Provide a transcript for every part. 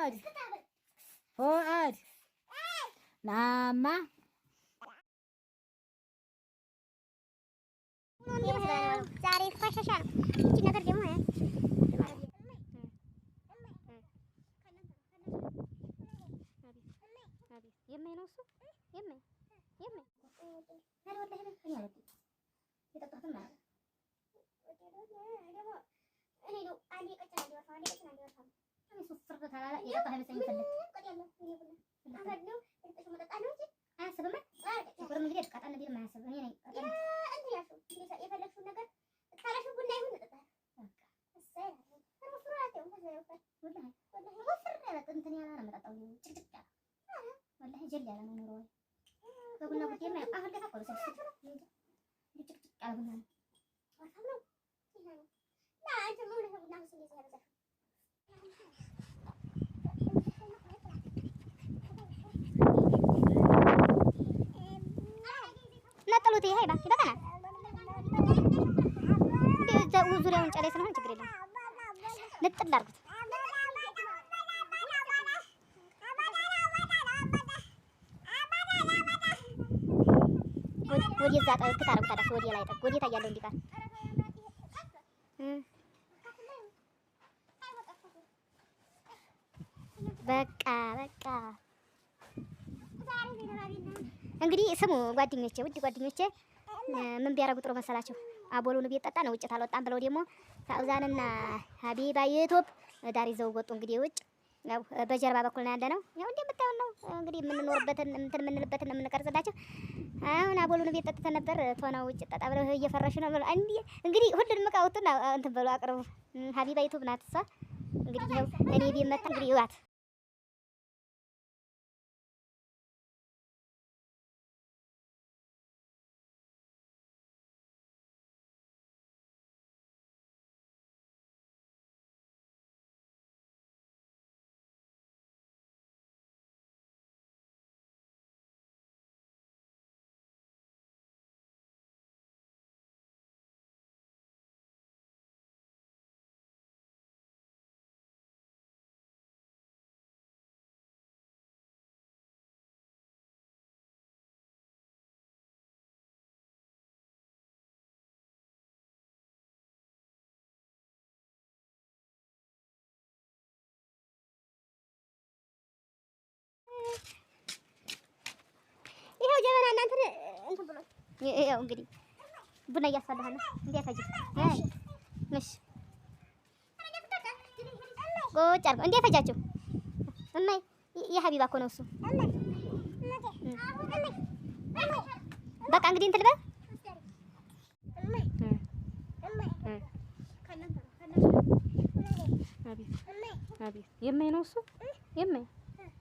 ሆድ ሆድ ናማ ዛሬ ይፈሻሻል። እቺ ነገር ደግሞ የማይ ነው እሱ የማይ የማይ እኔ ነው አንዴ ቀጫ አንዴ ወርፋ አንዴ ቀጫ አንዴ ወርፋ ስስር ተላላ ዙሪያውን ጨሌ ስለሆነ ችግር የለም። ልጥል አድርጉት። ወደዛ ጠብቅ ታደርጉታላችሁ። ወደ ላይ ጠብቅ፣ ወዴታ እያለው እንዲቀር በቃ በቃ እንግዲህ ስሙ ጓደኞቼ፣ ውድ ጓደኞቼ ምን ቢያደርጉ ጥሩ መሰላችሁ? አቦሎን ቤት ነው ውጭ ታልወጣም ብለው ደግሞ ሳኡዛንና ሀቢባ የኢትዮፕ ዳር ይዘው ወጡ። እንግዲህ ውጭ በጀርባ በኩል ነው ያለ ነው። ያው እንደምታዩን ነው እንግዲህ የምንኖርበትን እንትን የምንልበትን የምንቀርጽላቸው። አሁን አቦሎን ቤት ጠጥተን ነበር። ቶና ውጭ ጠጣ ብለው እየፈረሹ ነው። እንግዲህ ሁሉንም ዕቃ አውጡና እንትን በሉ አቅርቡ። ሀቢባ የኢትዮፕ ናት እሷ። እንግዲህ እኔ ቤት መታ እንግዲህ ይዋት ይኸው ጀበና እናንተ እንትን ብሎ ይኸው እንግዲህ ቡና እያሳለህ ነው። እንዲያታጅ እሺ፣ ቁጭ አድርገው እንዲያታጃቸው። እማይ የሀቢባ እኮ ነው እሱ። በቃ እንግዲህ እንትን ልበል የማይ ነው እሱ የማይ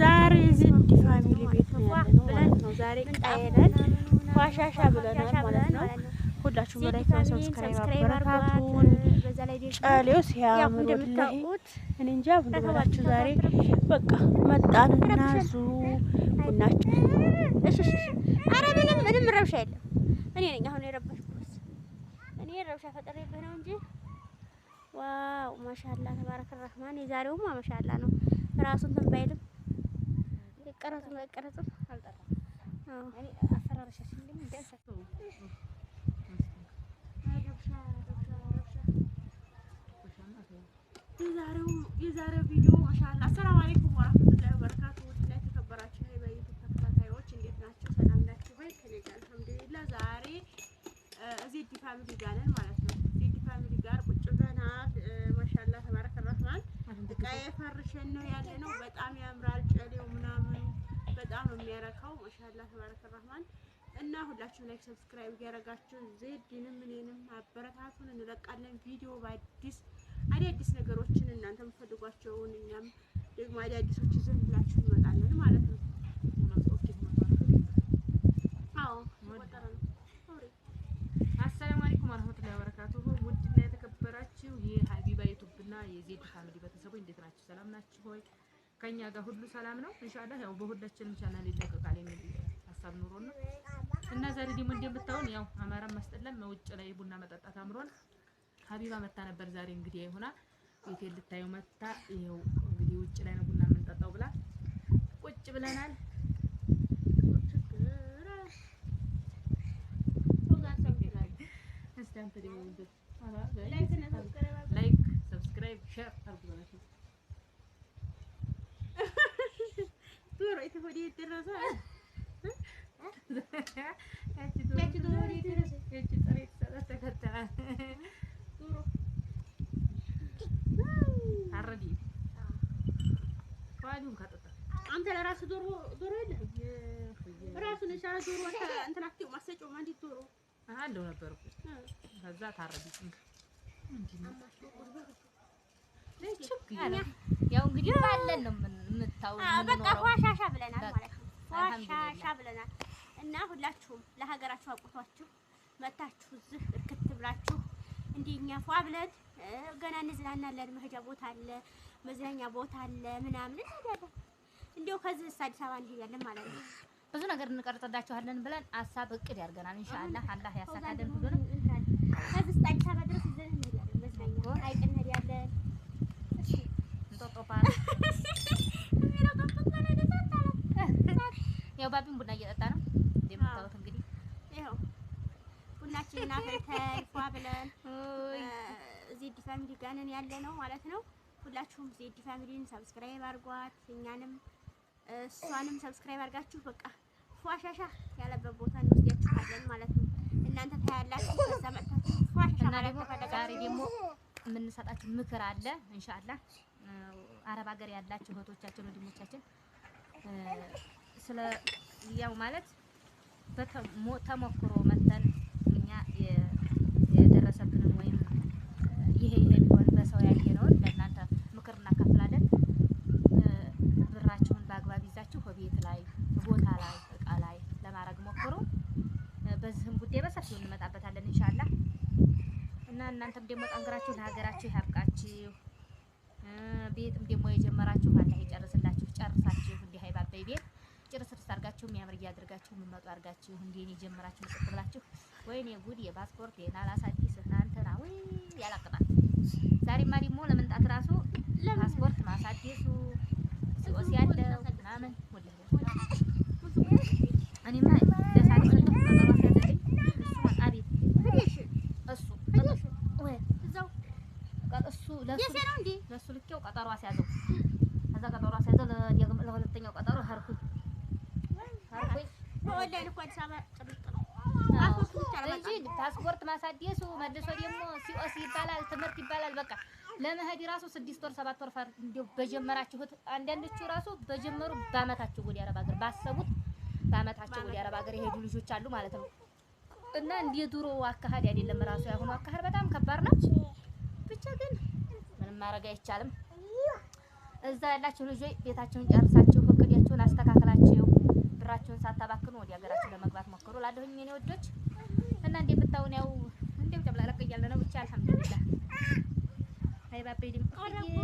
ዛሬ ዝንድ ፋሚሊ ቤት ነው ያለነው ማለት ነው። ዛሬ ቀይነን ኳሻሻ ብለናል ማለት ነው። ሁላችሁም በላይክ ነው ሰብስክራይብ አበረታቱን። ጨሌው ሲያምር እንደምታውቁት እኔ እንጃ ብንላችሁ ዛሬ በቃ መጣንና ዙ ቡናችሁ እሺ፣ ምንም ምንም ረብሻ የለም። እኔ ነኝ አሁን የረበሽኩት እኔ ረብሻ ፈጥሬብህ ነው እንጂ ዋው ማሻላ ተባረከ ረህማን። የዛሬውማ ማሻላ ነው ራሱን ተንባይልም መቀረጹን መቀረጹን አልጠራም። የዛሬው ቪዲዮ ማሻአላ። አሰላሙ አለይኩም ወራህመቱላሂ ወበረካቱ። ውድና የተከበራችሁ የበይቱ ተከታታዮች እንዴት ናቸው? ሰላም ናችሁ ወይ? ከሌላ አልሐምዱሊላህ። ዛሬ ዜድ ፋሚሊ ጋር ነን ማለት ነው። ዜድ ፋሚሊ ጋር ቁጭ ብለናል። ማሻአላ ተባረከ ረህማን። እቃ የፈርሸን ነው ያለ ነው። በጣም ያምራል ጨሌው ምናምን በጣም የሚያረካው ማሻላ ተባረከ ረህማን እና ሁላችሁም ላይክ ሰብስክራይብ እያደረጋችሁ ዜድንም እኔንም አበረታቱን። እንለቃለን ቪዲዮ በአዲስ አዳዲስ ነገሮችን እናንተ የምትፈልጓቸውን እኛም ደግሞ አዳዲሶች ይዘን ብላችሁ እንመጣለን ማለት ነው። አሰላሙ አለይኩም ወረህመቱላሂ ወበረካቱሁ። ውድና የተከበራችሁ የሀቢባ ዩቱብና የዜድ ፋሚሊ ቤተሰቦች እንዴት ናችሁ? ሰላም ናችሁ ሆይ ከኛ ጋር ሁሉ ሰላም ነው። ኢንሻአላህ ያው በሁላችንም ቻናል ይለቀቃል የሚል ሀሳብ ኑሮ ነው እና ዛሬ ደግሞ እንደምታውን ያው አማራም ማስጠላም ውጭ ላይ ቡና መጠጣት አምሮን ሀቢባ መታ ነበር። ዛሬ እንግዲህ አይሆና ቤቴ ልታየው መታ። ይኸው እንግዲህ ውጭ ላይ ነው ቡና የምንጠጣው ብላ ቁጭ ብለናል። ላይክ ሰብስክራይብ ሼር አድርጉ። ዶሮ የት ወዴት ደረሰ? አንተ ለራስህ ዶሮ ዶሮ የለህም። ራሱን የቻለ ዶሮ እንትን አትይውም፣ አትሰጪውም። አንዲት ዶሮ አለው ነበር እኮ ከዛ ታረደች። ያው እንግዲህ ባለን ነው የምታውቀው። በቃ ፏሻሻ ብለናል ማለት ነው። ፏሻሻ ብለናል እና ሁላችሁም ለሀገራችሁ አቁቷችሁ መታችሁ እዚህ እርክት ብላችሁ እንዲህ እኛ ፏ ብለን ገና እንዝናናለን። መሄጃ ቦታ አለ፣ መዝናኛ ቦታ አለ ምናምን እንሄዳለን። እንዲያው ከዚህ አዲስ አበባ እንሄዳለን ማለት ነው። ብዙ ነገር እንቀርጽላችኋለን ብለን አሳብ እቅድ ያድርገናል። ኢንሻአላህ አላህ ያሳካልን ሁሉንም ከዚህ አዲስ አበባ ድረስ ይዘን እንሄዳለን መዝናኛ አይቅን እንሄዳለን ዜድ ፋሚሊ ጋር ያለ ነው ማለት ነው። ሁላችሁም ዜድ ፋሚሊን ሰብስክራይብ አድርጓት፣ እኛንም እሷንም ሰብስክራይብ አድርጋችሁ በቃ ፏሻሻ ያለበት ቦታ እንወስዳችኋለን ማለት ነው። እናንተ ታያላችሁ። ከዛ መጥታችሁ ፏሻሻ ዛሬ ደግሞ የምንሰጣችሁ ምክር አለ ኢንሻአላህ አረብ ሀገር ያላችሁ እህቶቻችን ወንድሞቻችን ስለ ያው ማለት ተሞክሮ መተን እኛ የደረሰብን እናንተም ደግሞ ጠንክራችሁ ለሀገራችሁ ያብቃችሁ። ቤትም ደግሞ የጀመራችሁ አላህ ይጨርስላችሁ። ጨርሳችሁ እንዲህ አይባበይ ቤት ጭርስ ርስ አድርጋችሁ የሚያምር እያደርጋችሁ የምመጡ አድርጋችሁ እንዲህን የጀመራችሁ ምስጥ ብላችሁ ወይኔ ጉድ የፓስፖርት የናላሳ አዲስ እናንተና ወይ ያላቅጣል። ዛሬማ ደግሞ ለመንጣት ራሱ ፓስፖርት ማሳደሱ ሲወስ ያለው ምናምን ወለ እኔማ ነው። ለእሱ ልኬው ቀጠሮ አስያዘው። ከዛ ቀጠሮ አስያዘው። ለሁለተኛው ቀጠሮ ሄድኩኝ እንጂ ፓስፖርት ማሳደሱ መልሶ ደግሞ ሲኦሲ ይባላል፣ ትምህርት ይባላል። በቃ ለመሄድ ራሱ ስድስት ወር ሰባት ወር እንደው በጀመራችሁት አንዳንዶቹ ራሱ በጀመሩ በአመታቸው ወደ አረብ ሀገር ባሰቡት በአመታቸው ወደ አረብ ሀገር የሄዱ ልጆች አሉ ማለት ነው። እና እንደ ድሮ አካሄድ አይደለም። ራሱ ያሁኑ አካሄድ በጣም ከባድ ነው። ብቻ ግን ምንም ማድረግ አይቻልም። እዛ ያላችሁ ልጆች ቤታችሁን ጨርሳችሁ እቅዳችሁን አስተካክላችሁ ብራችሁን ሳታባክኑ ወደ ሀገራችሁ ለመግባት ሞክሩ። ላደሁኝ እኔ ወዶች እና ብታውን ያው እንደው ጨብላለቅ እያለ ነው ብቻ አልሐምዱሊላህ። አይ ባቤ ድምፅ